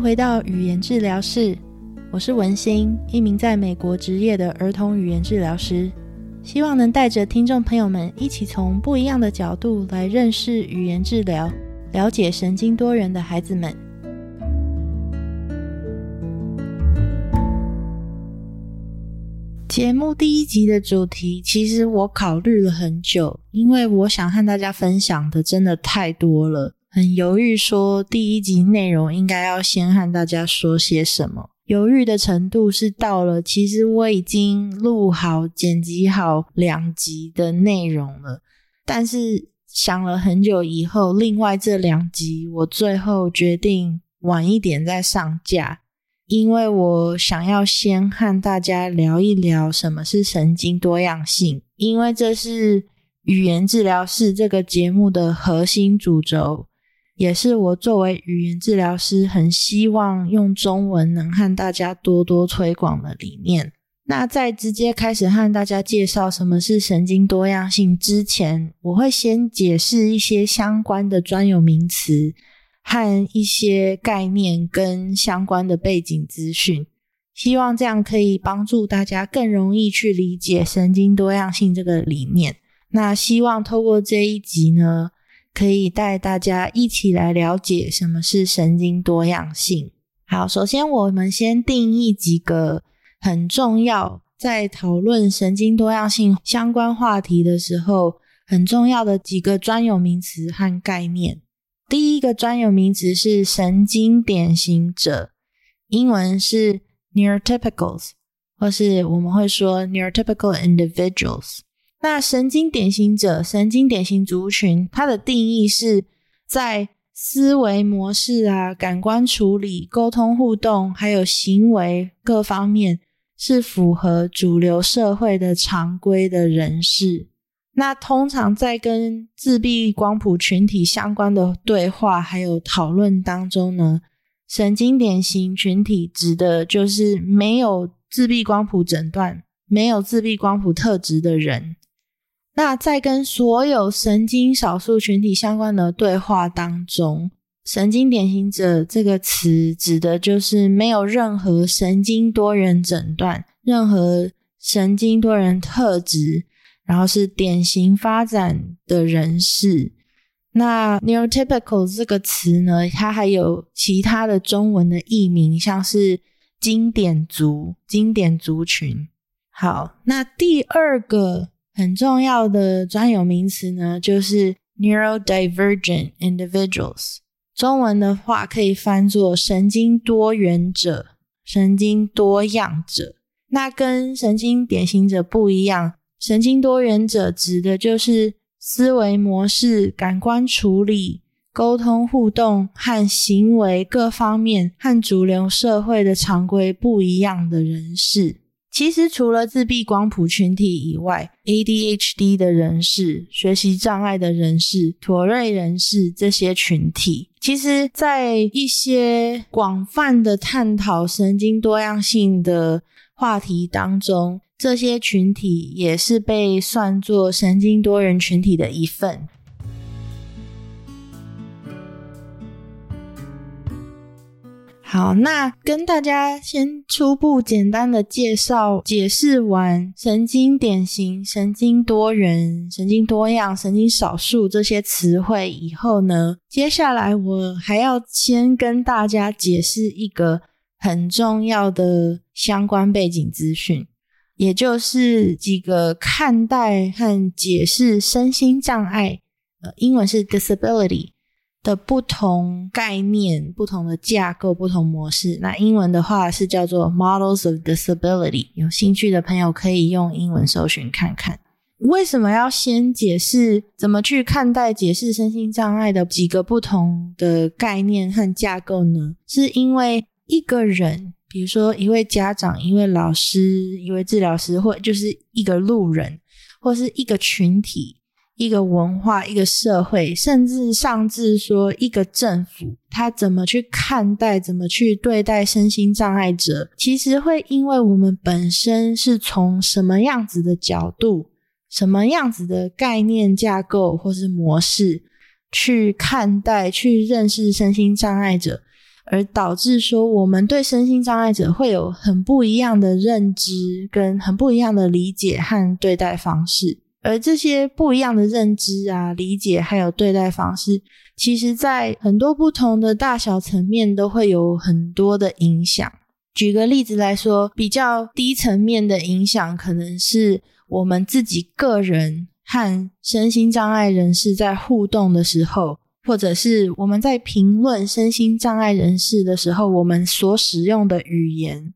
回到語言摯聊室，我是文馨，一名在美國執業的兒童語言治療師，希望能帶着聽眾朋友們一起從不一樣的角度來認識語言治療，了解神經多元的孩子們。節目第一集的主題，其實我考慮了很久，因為我想和大家分享的真的太多了。很猶豫，說第一集內容應該要先和大家說些什麼。猶豫的程度是到了，其實我已經錄好、剪輯好兩集的內容了，但是想了很久以後，另外這兩集我最後決定晚一點再上架，因為我想要先和大家聊一聊什麼是神經多樣性，因為這是語言摯聊室這個節目的核心主軸。也是我作為語言治療師，很希望用中文能和大家多多推廣的理念。那在直接開始和大家介紹什麼是神經多樣性之前，我會先解釋一些相關的專有名詞和一些概念跟相關的背景資訊，希望這樣可以幫助大家更容易去理解神經多樣性這個理念。那希望透過這一集呢。可以帶大家一起來了解什麼是神經多樣性。好，首先我們先定義幾個很重要，在討論神經多樣性相關話題的時候，很重要的幾個專有名詞和概念。第一個專有名詞是神經典型者，英文是 neurotypicals，或是我們會說 neurotypical individuals。那神經典型者、神經典型族群，它的定義是在思維模式啊、感官處理、溝通互動，還有行為各方面，是符合主流社會的常規的人士。那通常在跟自閉光譜群體相關的對話還有討論當中呢，神經典型群體指的就是沒有自閉光譜診斷、沒有自閉光譜特質的人。那在跟所有神經少數群體相關的對話當中，“神經典型者”這個詞指的就是沒有任何神經多元診斷、任何神經多元特質，然後是典型發展的人士。那 “neurotypical” 這個詞呢，它還有其他的中文的譯名，像是“經典族”、“經典族群”。好，那第二個。很重要的專有名詞呢，就是 neurodivergent individuals。中文的話可以翻作神經多元者、神經多樣者。那跟神經典型者不一樣，神經多元者指的就是思維模式、感官處理、溝通互動和行為各方面和主流社會的常規不一樣的人士。其實除了自閉光譜群體以外，ADHD 的人士、學習障礙的人士、妥瑞人士這些群體，其實在一些廣泛的探討神經多樣性的話題當中，這些群體也是被算作神經多元群體的一份。好，那跟大家先初步簡單的介紹、解釋完神經典型、神經多元、神經多樣、神經少數這些詞彙以後呢，接下來我還要先跟大家解釋一個很重要的相關背景資訊，也就是幾個看待和解釋身心障礙，呃，英文是 disability。的不同概念、不同的架構、不同模式，那英文的話是叫做 models of disability。有興趣的朋友可以用英文搜尋看看。為什麼要先解釋怎麼去看待、解釋身心障礙的幾個不同的概念和架構呢？是因為一個人，比如說一位家長、一位老師、一位治療師，或就是一個路人，或是一個群體，一個文化、一個社會，甚至上至說一個政府，他怎麼去看待、怎麼去對待身心障礙者，其實會因為我們本身是從什麼樣子的角度、什麼樣子的概念架構或是模式去看待、去認識身心障礙者，而導致說我們對身心障礙者會有很不一樣的認知、跟很不一樣的理解和對待方式。而這些不一樣的認知啊、理解還有對待方式，其實，在很多不同的大小層面，都會有很多的影響。舉個例子來說，比較低層面的影響，可能是我們自己個人和身心障礙人士在互動的時候，或者是我們在評論身心障礙人士的時候，我們所使用的語言。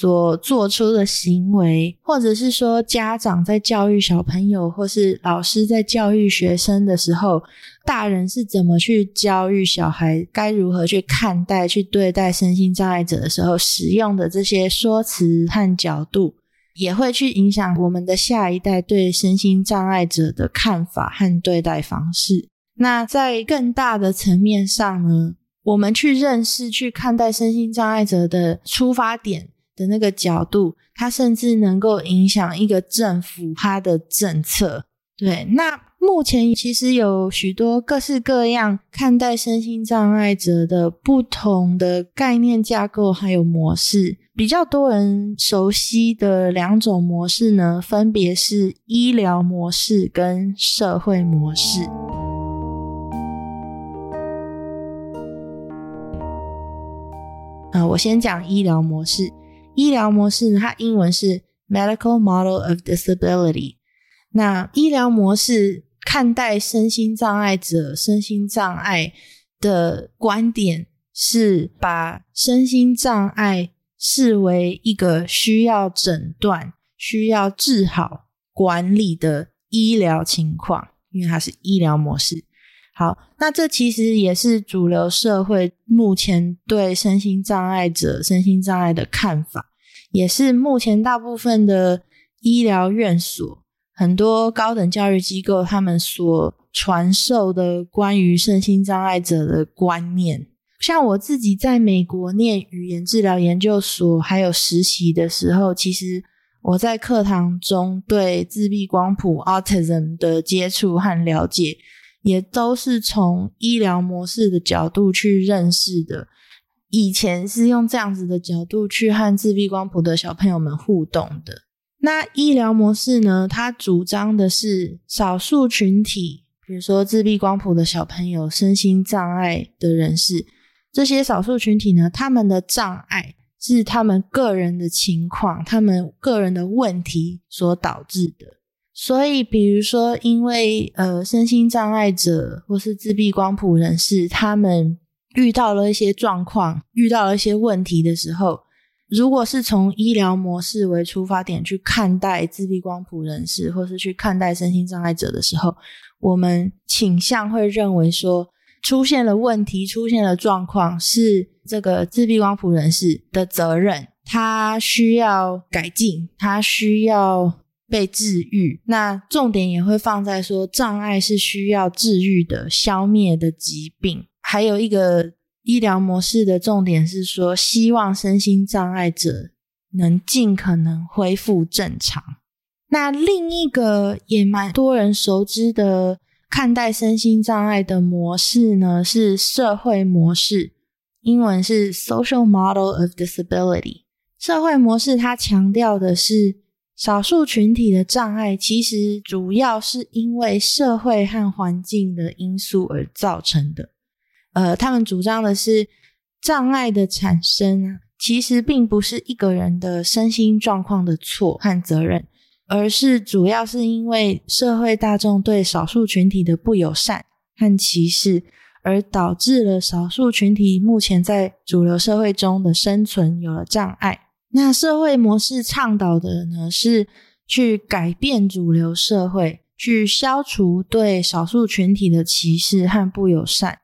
所做出的行為，或者是說家長在教育小朋友，或是老師在教育學生的時候，大人是怎麼去教育小孩，該如何去看待、去對待身心障礙者的時候，使用的這些說辭和角度，也會去影響我們的下一代對身心障礙者的看法和對待方式。那在更大的層面上呢，我們去認識、去看待身心障礙者的出發點。的那個角度，它甚至能夠影響一個政府它的政策。對，那目前其實有許多各式各樣看待身心障礙者的不同的概念架構還有模式。比較多人熟悉的兩種模式呢，分別是醫療模式跟社會模式。啊，我先講醫療模式。醫療模式，它英文是 Medical Model of Disability。那醫療模式看待身心障礙者身心障礙的觀點，是把身心障礙視為一個需要診斷、需要治好、管理的醫療情況，因為它是醫療模式。好，那這其實也是主流社會目前對身心障礙者、身心障礙的看法，也是目前大部分的醫療院所、很多高等教育機構他們所傳授的關於身心障礙者的觀念。像我自己在美國念語言治療研究所還有實習的時候，其實我在課堂中對自閉光譜，Autism 的接觸和了解。也都是從醫療模式的角度去認識的，以前是用這樣子的角度去和自閉光譜的小朋友們互動的。那醫療模式呢，它主張的是少數群體，比如說自閉光譜的小朋友、身心障礙的人士，這些少數群體呢，他們的障礙是他們個人的情況、他們個人的問題所導致的。所以，比如說，因為呃，身心障礙者或是自閉光譜人士，他們遇到了一些狀況，遇到了一些問題的時候，如果是從醫療模式為出發點去看待自閉光譜人士，或是去看待身心障礙者的時候，我們傾向會認為說，出現了問題，出現了狀況，是這個自閉光譜人士的責任，他需要改進，他需要，被治癒，那重點也會放在說，障礙是需要治癒的、消滅的疾病。還有一個醫療模式的重點是說，希望身心障礙者能盡可能恢復正常。那另一個也蠻多人熟知的看待身心障礙的模式呢，是社會模式。英文是 Social Model of Disability。社會模式它強調的是少數群體的障礙其實主要是因為社會和環境的因素而造成的。呃，他們主張的是，障礙的產生啊，其實並不是一個人的身心狀況的錯和責任，而是主要是因為社會大眾對少數群體的不友善和歧視，而導致了少數群體目前在主流社會中的生存有了障礙。那社會模式倡導的呢，是去改變主流社會，去消除對少數群體的歧視和不友善，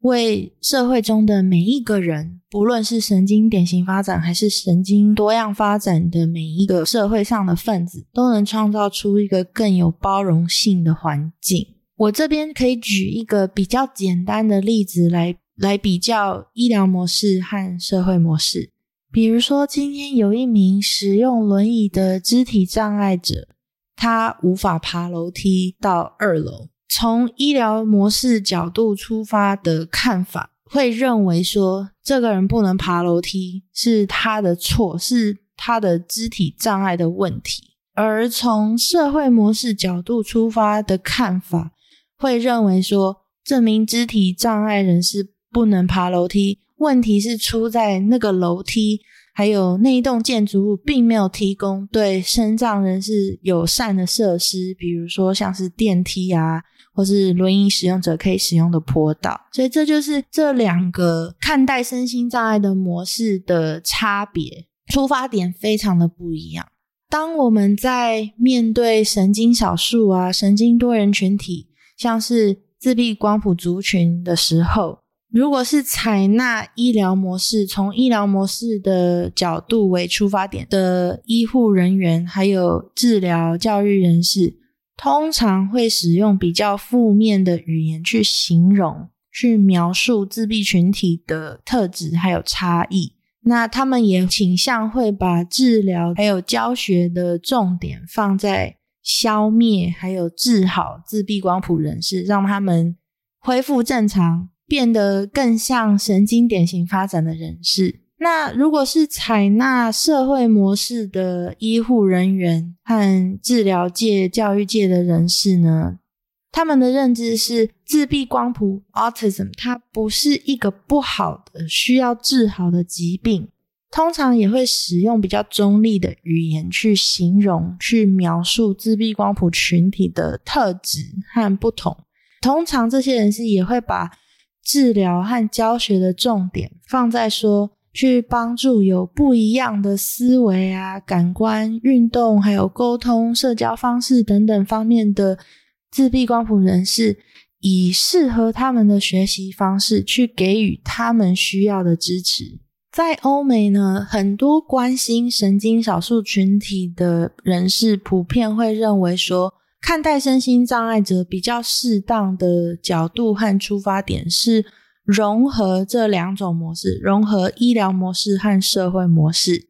為社會中的每一個人，不論是神經典型發展還是神經多樣發展的每一個社會上的分子，都能創造出一個更有包容性的環境。我這邊可以舉一個比較簡單的例子來來比較醫療模式和社會模式。比如說，今天有一名使用輪椅的肢體障礙者，他無法爬樓梯到二樓。從醫療模式角度出發的看法，會認為說這個人不能爬樓梯是他的錯，是他的肢體障礙的問題；而從社會模式角度出發的看法，會認為說這名肢體障礙人士不能爬樓梯。問題是出在那個樓梯，還有那一棟建築物並沒有提供對身障人士友善的設施，比如說像是電梯啊，或是輪椅使用者可以使用的坡道。所以這就是這兩個看待身心障礙的模式的差別，出發點非常的不一樣。當我們在面對神經少數啊、神經多元群體，像是自閉光譜族群的時候。如果是採納醫療模式，從醫療模式的角度為出發點的醫護人員，還有治療教育人士，通常會使用比較負面的語言去形容、去描述自閉群體的特質還有差異。那他們也傾向會把治療還有教學的重點放在消滅還有治好自閉光譜人士，讓他們恢復正常。變得更像神經典型發展的人士。那如果是採納社會模式的醫護人員和治療界、教育界的人士呢？他們的認知是自閉光譜 （autism） 它不是一個不好的、需要治好的疾病。通常也會使用比較中立的語言去形容、去描述自閉光譜群體的特質和不同。通常，這些人士也會把治療和教學的重點放在說，去幫助有不一樣的思維啊、感官、運動，還有溝通、社交方式等等方面的自閉光譜人士，以適合他們的學習方式去給予他們需要的支持。在歐美呢，很多關心神經少數群體的人士普遍會認為說，看待身心障礙者比較適當的角度和出發點是融合這兩種模式，融合醫療模式和社會模式。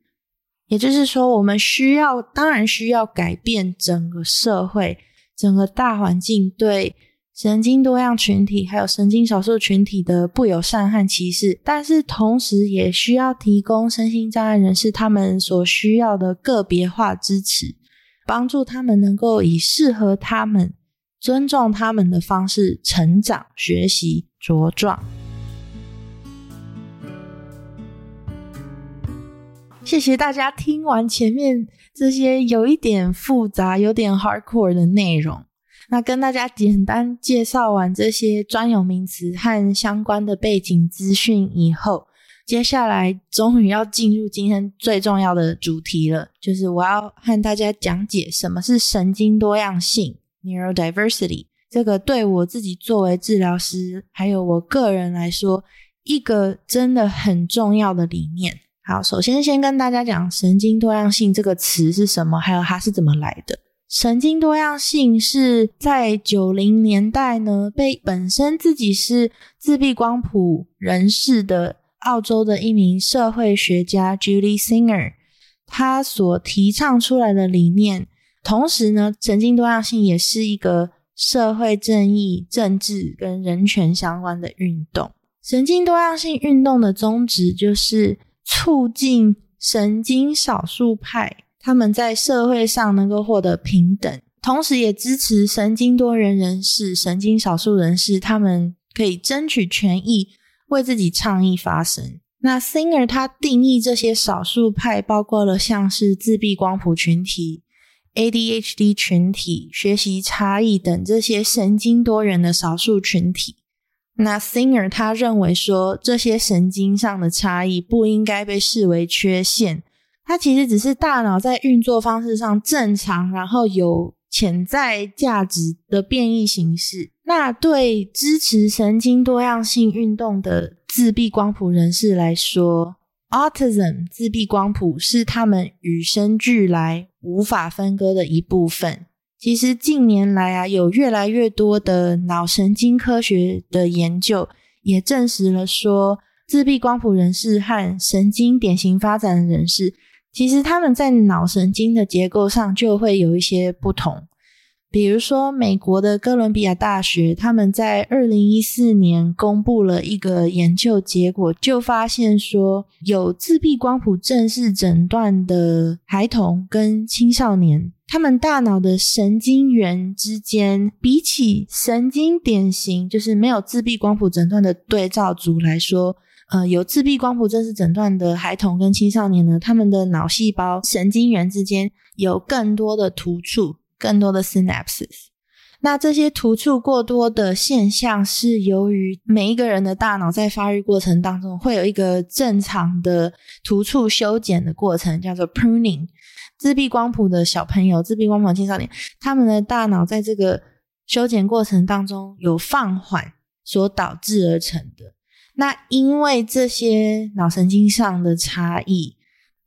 也就是說，我們需要當然需要改變整個社會、整個大環境對神經多樣群體還有神經少數群體的不友善和歧視，但是同時也需要提供身心障礙人士他們所需要的個別化支持。幫助他們能夠以適合他們、尊重他們的方式成長、學習、茁壯。謝謝大家聽完前面這些有一點複雜、有點 hardcore 的內容，那跟大家簡單介紹完這些專有名詞和相關的背景資訊以後。接下來終於要進入今天最重要的主題了，就是我要和大家講解什麼是神經多樣性 （neurodiversity），這個對我自己作為治療師，還有我個人來說，一個真的很重要的理念。好，首先先跟大家講神經多樣性這個詞是什麼，還有它是怎麼來的。神經多樣性是在九零年代呢，被本身自己是自閉光譜人士的。澳洲的一名社會學家 Julie Singer，他所提倡出來的理念。同時呢，神經多樣性也是一個社會正義、政治跟人權相關的運動。神經多樣性運動的宗旨就是促進神經少數派，他們在社會上能夠獲得平等，同時也支持神經多人人士、神經少數人士，他們可以爭取權益，為自己倡議發聲。那 Singer 他定義這些少數派包括了像是自閉光譜群體、ADHD 群體、學習差異等這些神經多元的少數群體。那 Singer 他認為說，這些神經上的差異不應該被視為缺陷，它其實只是大腦在運作方式上正常，然後有。潛在價值的變異形式。那對支持神經多樣性運動的自閉光譜人士來說，autism 自閉光譜是他們與生俱來、無法分割的一部分。其實近年來啊，有越來越多的腦神經科學的研究也證實了說，自閉光譜人士和神經典型發展的人士。其實他們在腦神經的結構上就會有一些不同，比如說美國的哥倫比亞大學，他們在二零一四年公布了一個研究結果，就發現說有自閉光譜正式診斷的孩童跟青少年，他們大腦的神經元之間，比起神經典型就是沒有自閉光譜診斷的對照組來說，呃，有自閉光譜正式診斷的孩童跟青少年呢，他們的腦細胞神經元之間有更多的突觸，更多的 synapses。那這些突觸過多的現象是由於每一個人的大腦在發育過程當中會有一個正常的突觸修剪的過程，叫做 pruning。自閉光譜的小朋友、自閉光譜的青少年，他們的大腦在這個修剪過程當中有放緩所導致而成的。那因為這些腦神經上的差異，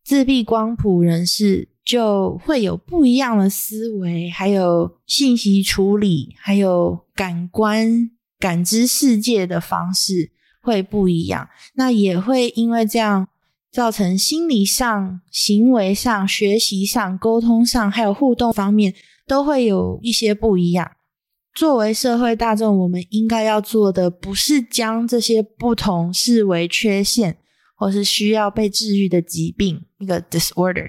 自閉光譜人士就會有不一樣的思維，還有信息處理，還有感官感知世界的方式會不一樣。那也會因為這樣造成心理上、行為上、學習上、溝通上，還有互動方面都會有一些不一樣。作為社會大眾，我們應該要做的不是將這些不同視為缺陷，或是需要被治癒的疾病，一個 disorder。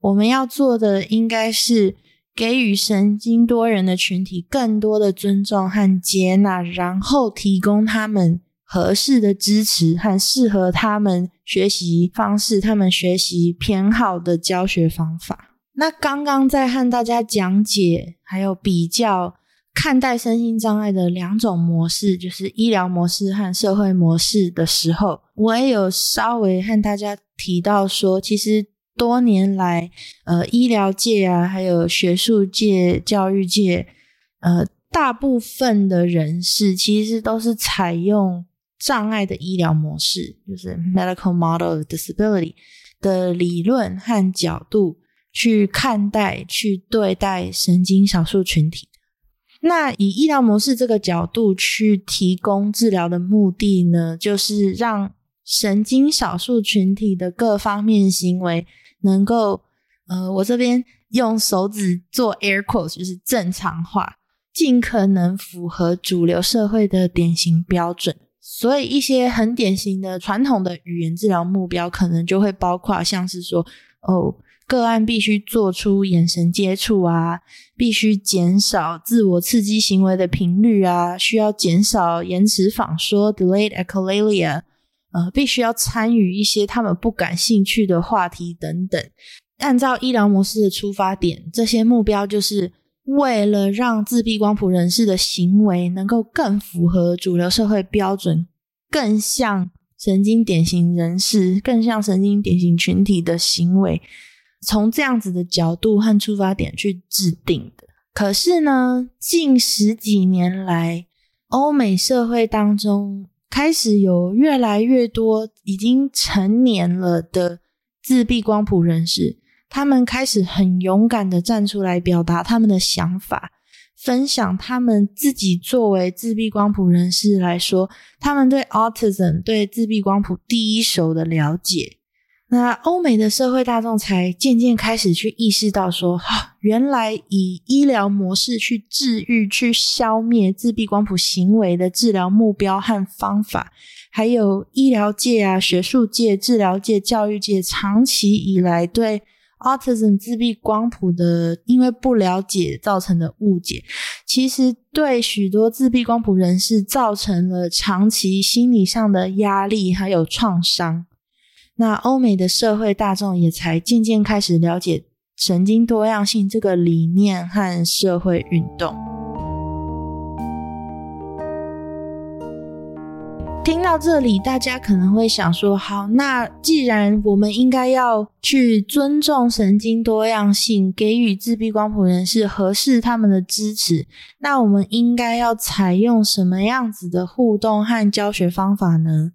我們要做的應該是給予神經多元的群體更多的尊重和接納，然後提供他們合適的支持和適合他們學習方式、他們學習偏好的教學方法。那剛剛在和大家講解還有比較。看待身心障礙的兩種模式，就是醫療模式和社會模式的時候，我也有稍微和大家提到說，其實多年來，呃，醫療界啊，還有學術界、教育界，呃，大部分的人士其實都是採用障礙的醫療模式，就是 medical model of disability 的理論和角度去看待、去對待神經少數群體。那以醫療模式這個角度去提供治療的目的呢，就是讓神經少數群體的各方面行為能夠，呃，我這邊用手指做 air quotes，就是正常化，盡可能符合主流社會的典型標準。所以一些很典型的傳統的語言治療目標，可能就會包括像是說，哦。個案必須做出眼神接觸啊，必須減少自我刺激行為的頻率啊，需要減少延遲仿說 （delayed echolalia），呃，必須要參與一些他們不感興趣的話題等等。按照醫療模式的出發點，這些目標就是為了讓自閉光譜人士的行為能夠更符合主流社會標準，更像神經典型人士，更像神經典型群體的行為。從這樣子的角度和出發點去制定的。可是呢，近十幾年來，歐美社會當中開始有越來越多已經成年了的自閉光譜人士，他們開始很勇敢地站出來表達他們的想法，分享他們自己作為自閉光譜人士來說，他們對 autism 對自閉光譜第一手的了解。那歐美的社會大眾才漸漸開始去意識到，說哈，原來以醫療模式去治癒、去消滅自閉光譜行為的治療目標和方法，還有醫療界啊、學術界、治療界、教育界長期以來對 autism 自閉光譜的，因為不了解造成的誤解，其實對許多自閉光譜人士造成了長期心理上的壓力還有創傷。那歐美的社會大眾也才漸漸開始了解神經多樣性這個理念和社會運動。聽到這裡，大家可能會想說：“好，那既然我們應該要去尊重神經多樣性，給予自閉光譜人士合適他們的支持，那我們應該要採用什麼樣子的互動和教學方法呢？”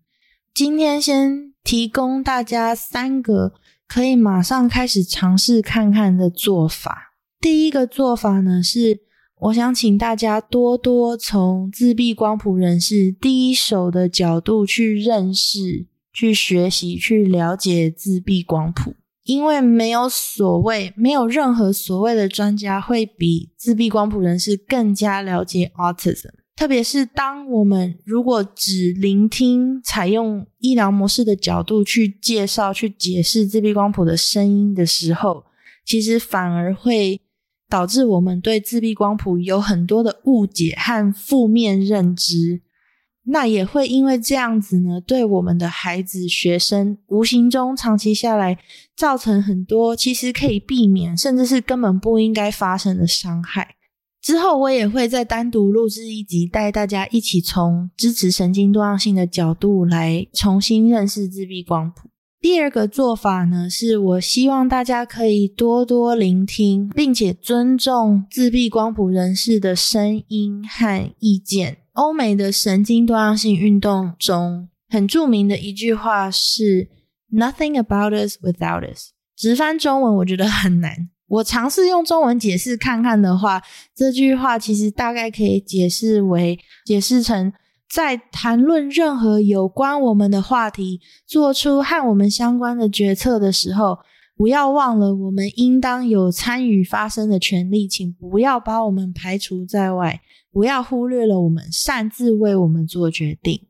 今天先。提供大家三個可以馬上開始嘗試看看的做法。第一個做法呢，是我想請大家多多從自閉光譜人士第一手的角度去認識、去學習、去了解自閉光譜，因為沒有所謂，沒有任何所謂的專家會比自閉光譜人士更加了解 autism。特別是當我們如果只聆聽採用醫療模式的角度去介紹、去解釋自閉光譜的聲音的時候，其實反而會導致我們對自閉光譜有很多的誤解和負面認知。那也會因為這樣子呢，對我們的孩子、學生，無形中長期下來造成很多其實可以避免，甚至是根本不應該發生的傷害。之後我也會再單獨錄制一集，帶大家一起從支持神經多樣性的角度來重新認識自閉光譜。第二個做法呢，是我希望大家可以多多聆聽，並且尊重自閉光譜人士的聲音和意見。歐美的神經多樣性運動中，很著名的一句話是 “Nothing about us without us”。直翻中文，我覺得很難。我嘗試用中文解釋看看的話，這句話其實大概可以解釋為解釋成，在談論任何有關我們的話題、做出和我們相關的決策的時候，不要忘了我們應當有參與發生的權利，請不要把我們排除在外，不要忽略了我們擅自為我們做決定。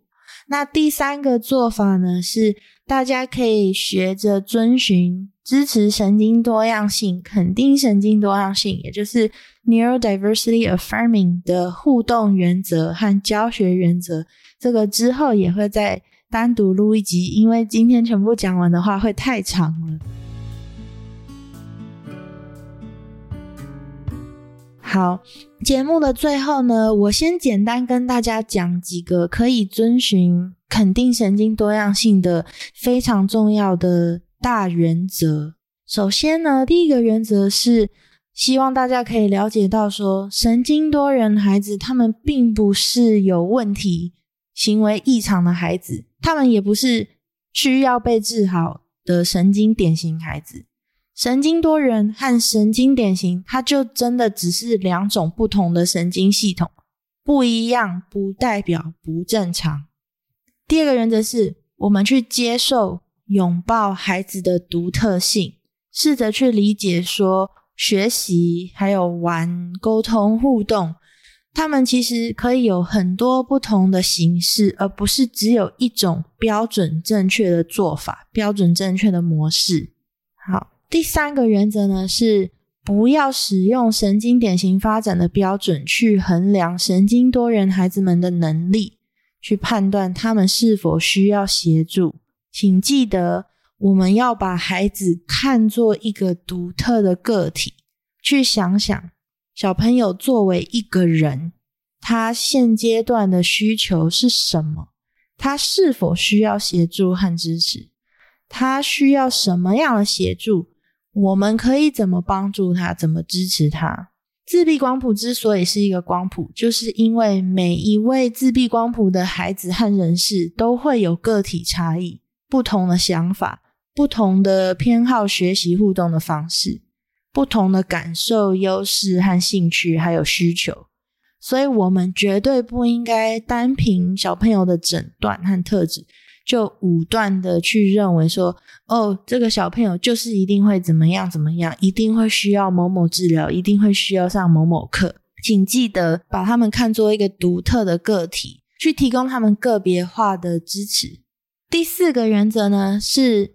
那第三個做法呢，是大家可以學着遵循。支持神經多樣性，肯定神經多樣性，也就是 Neurodiversity Affirming 的互動原則和教學原則。這個之後也會再單獨錄一集，因為今天全部講完的話會太長了。好，節目的最後呢，我先簡單跟大家講幾個可以遵循、肯定神經多樣性的非常重要的大原則，首先呢，第一個原則是，希望大家可以了解到，說神經多元孩子他們並不是有問題、行為異常的孩子，他們也不是需要被治好的神經典型孩子。神經多元和神經典型，它就真的只是兩種不同的神經系統，不一樣，不代表不正常。第二個原則是，我們去接受。擁抱孩子的獨特性，試着去理解說學習還有玩、溝通互動，他們其實可以有很多不同的形式，而不是只有一種標準正確的做法、標準正確的模式。好，第三個原則呢，是不要使用神經典型發展的標準去衡量神經多元孩子們的能力，去判斷他們是否需要協助。請記得，我們要把孩子看作一個獨特的個體。去想想，小朋友作為一個人，他現階段的需求是什麼？他是否需要協助和支持？他需要什麼樣的協助？我們可以怎麼幫助他？怎麼支持他？自閉光譜之所以是一個光譜，就是因為每一位自閉光譜的孩子和人士都會有個體差異。不同的想法，不同的偏好，學習互動的方式，不同的感受、優勢和興趣，還有需求，所以我們絕對不應該單憑小朋友的診斷和特質，就武斷的去認為說，哦，這個小朋友就是一定會怎麼樣怎麼樣，一定會需要某某治療，一定會需要上某某課。請記得把他們看作一個獨特的個體，去提供他們個別化的支持。第四個原則呢，是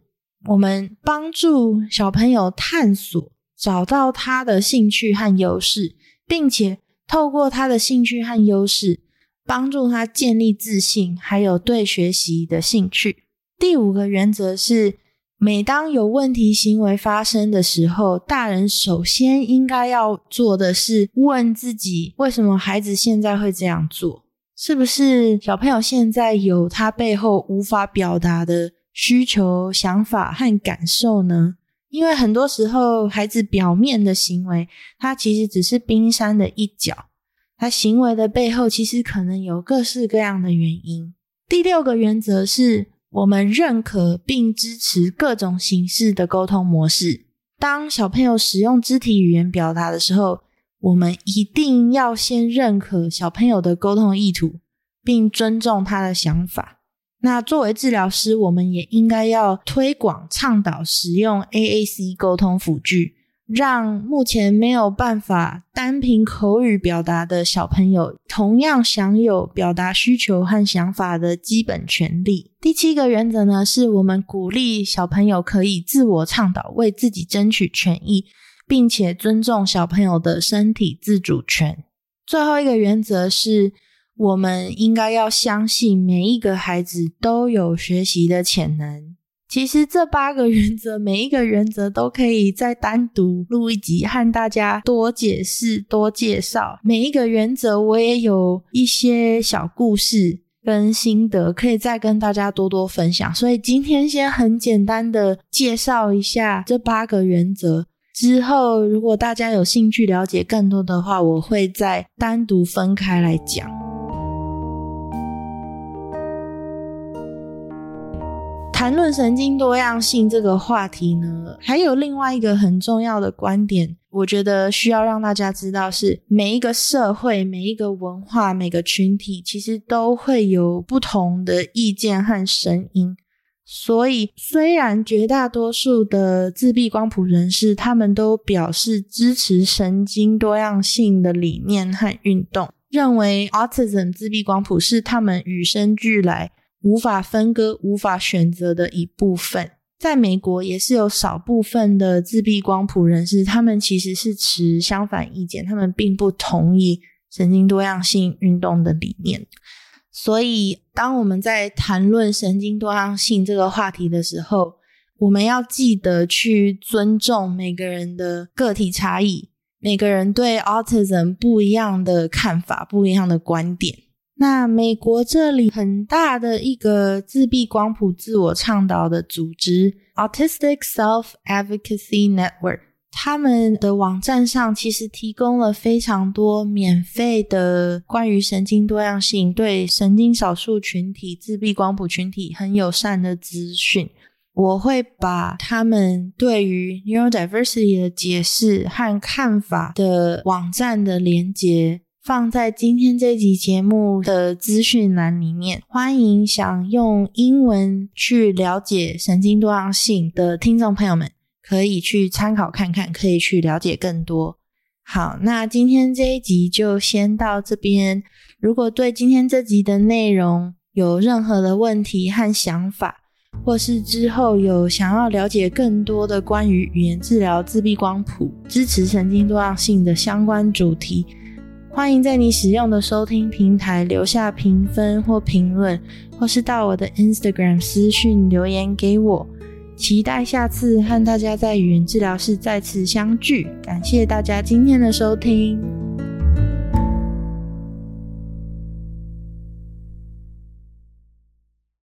我們幫助小朋友探索，找到他的興趣和優勢，並且透過他的興趣和優勢，幫助他建立自信，還有對學習的興趣。第五個原則是，每當有問題行為發生的時候，大人首先應該要做的是問自己，為什麼孩子現在會這樣做。是不是小朋友現在有他背後無法表達的需求、想法和感受呢？因為很多時候孩子表面的行為，他其實只是冰山的一角，他行為的背後其實可能有各式各樣的原因。第六個原則是我們認可並支持各種形式的溝通模式。當小朋友使用肢體語言表達的時候，我們一定要先認可小朋友的溝通意圖，並尊重他的想法。那作為治療師，我們也應該要推廣倡導使用 AAC 溝通輔具，讓目前沒有辦法單憑口語表達的小朋友，同樣享有表達需求和想法的基本權利。第七個原則呢，是我們鼓勵小朋友可以自我倡導，為自己爭取權益。並且尊重小朋友的身體自主權。最後一個原則是，我們應該要相信每一個孩子都有學習的潛能。其實這八個原則，每一個原則都可以再單獨錄一集，和大家多解釋、多介紹。每一個原則我也有一些小故事跟心得，可以再跟大家多多分享。所以今天先很簡單的介紹一下這八個原則。之後，如果大家有興趣了解更多的話，我會再單獨分開來講。談論神經多樣性這個話題呢，還有另外一個很重要的觀點，我覺得需要讓大家知道是：每一個社會、每一個文化、每個群體，其實都會有不同的意見和聲音。所以，雖然絕大多數的自閉光譜人士他們都表示支持神經多樣性的理念和運動，認為 autism 自閉光譜是他們與生俱來、無法分割、無法選擇的一部分。在美國也是有少部分的自閉光譜人士，他們其實是持相反意見，他們並不同意神經多樣性運動的理念。所以，當我們在談論神經多樣性這個話題的時候，我們要記得去尊重每個人的個體差異，每個人對 autism 不一樣的看法、不一樣的觀點。那美國這裡很大的一個自閉光譜自我倡導的組織，Autistic Self Advocacy Network。他們的網站上其實提供了非常多免費的關於神經多樣性、對神經少數群體、自閉光譜群體很友善的資訊。我會把他們對於 neurodiversity 的解釋和看法的網站的連結放在今天這集節目的資訊欄裡面。歡迎想用英文去了解神經多樣性的聽眾朋友們可以去參考看看，可以去了解更多。好，那今天這一集就先到這邊。如果對今天這集的內容有任何的問題和想法，或是之後有想要了解更多的關於語言治療、自閉光譜、支持神經多樣性的相關主題，歡迎在你使用的收聽平台留下評分或評論，或是到我的 Instagram 私訊留言給我。期待下次和大家在語言摯聊室再次相聚。感謝大家今天的收聽。